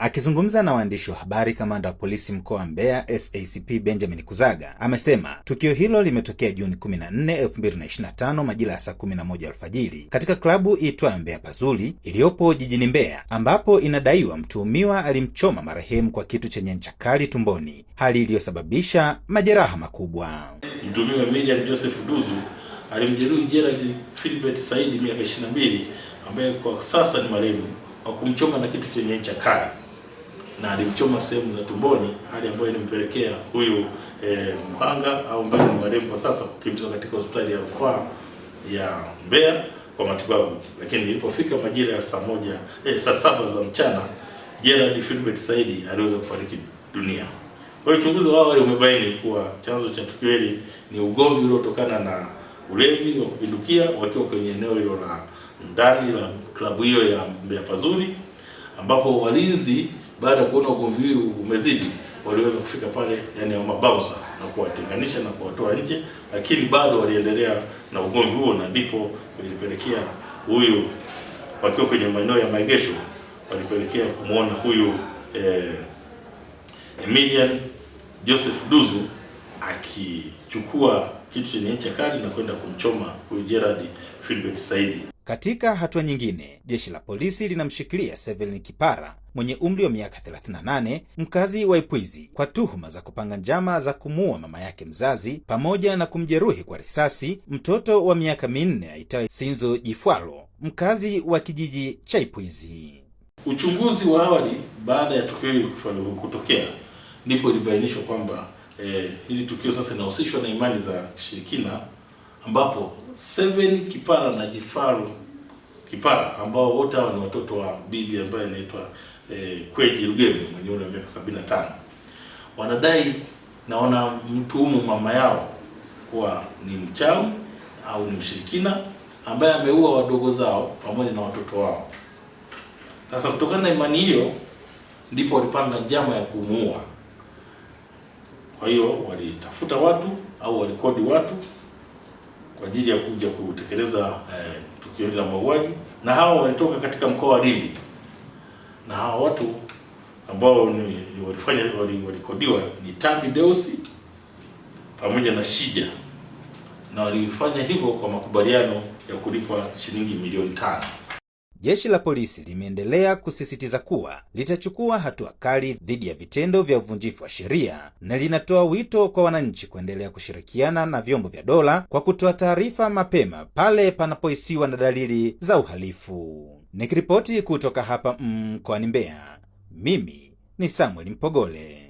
Akizungumza na waandishi wa habari, kamanda wa polisi mkoa wa Mbeya SACP Benjamin Kuzaga amesema tukio hilo limetokea Juni 14, 2025 majira ya saa 11 alfajiri katika klabu iitwayo Mbeya Pazuri iliyopo jijini Mbeya, ambapo inadaiwa mtuhumiwa alimchoma marehemu kwa kitu chenye ncha kali tumboni, hali iliyosababisha majeraha makubwa. Mtuhumiwa Emilian Joseph Duzu alimjeruhi Gerald Philbert Saidi miaka 22, ambaye kwa sasa ni marehemu, kumchoma na kitu chenye ncha kali na alimchoma sehemu za tumboni, hali ambayo ilimpelekea huyu e, mhanga au ambaye ni marehemu kwa sasa kukimbizwa katika hospitali ya rufaa ya Mbeya kwa matibabu, lakini ilipofika majira ya saa moja e, saa saba za mchana Gerald Philbert Saidi aliweza kufariki dunia. Kwa hiyo uchunguzi wa awali umebaini kuwa chanzo cha tukio hili ni ugomvi uliotokana na ulevi wa kupindukia wakiwa kwenye eneo hilo la ndani la klabu hiyo ya Mbeya Pazuri ambapo walinzi baada ya kuona ugomvi huu umezidi, waliweza kufika pale yani ya mabaunsa na kuwatenganisha na kuwatoa nje, lakini bado waliendelea na ugomvi huo, na ndipo ilipelekea huyu, wakiwa kwenye maeneo ya maegesho, walipelekea kumwona huyu eh, Emilian Joseph Duzu akichukua kitu chenye ncha kali na kwenda kumchoma huyu Gerard Philbert Saidi. Katika hatua nyingine, jeshi la polisi linamshikilia Sevelin Kipara mwenye umri wa miaka 38 mkazi wa Ipwizi kwa tuhuma za kupanga njama za kumuua mama yake mzazi pamoja na kumjeruhi kwa risasi mtoto wa miaka minne aitwaye Sinzo Jifwalo mkazi wa kijiji cha Ipwizi. Uchunguzi wa awali baada ya tukio hili kutokea, ndipo ilibainishwa kwamba eh, hili tukio sasa linahusishwa na imani za kishirikina ambapo Seven Kipara na Jifaru Kipara ambao wote hawa ni watoto wa bibi ambaye anaitwa eh, Kweji Rugeme mwenye umri wa miaka tano wanadai na mtuhumu mama yao kuwa ni mchawi au ni mshirikina ambaye ameua wadogo zao pamoja na watoto wao. Sasa kutokana na imani hiyo ndipo walipanga njama ya kumuua. Kwa hiyo walitafuta watu au walikodi watu kwa ajili ya kuja kutekeleza eh, tukio la mauaji, na hao walitoka katika mkoa wa Lindi, na hao watu ambao ni walifanya walikodiwa ni Tambi Deusi pamoja na Shija, na walifanya hivyo kwa makubaliano ya kulipwa shilingi milioni tano. Jeshi la polisi limeendelea kusisitiza kuwa litachukua hatua kali dhidi ya vitendo vya uvunjifu wa sheria na linatoa wito kwa wananchi kuendelea kushirikiana na vyombo vya dola kwa kutoa taarifa mapema pale panapohisiwa na dalili za uhalifu. Nikiripoti kutoka hapa mkoani mm, Mbeya, mimi ni Samwel Mpogole.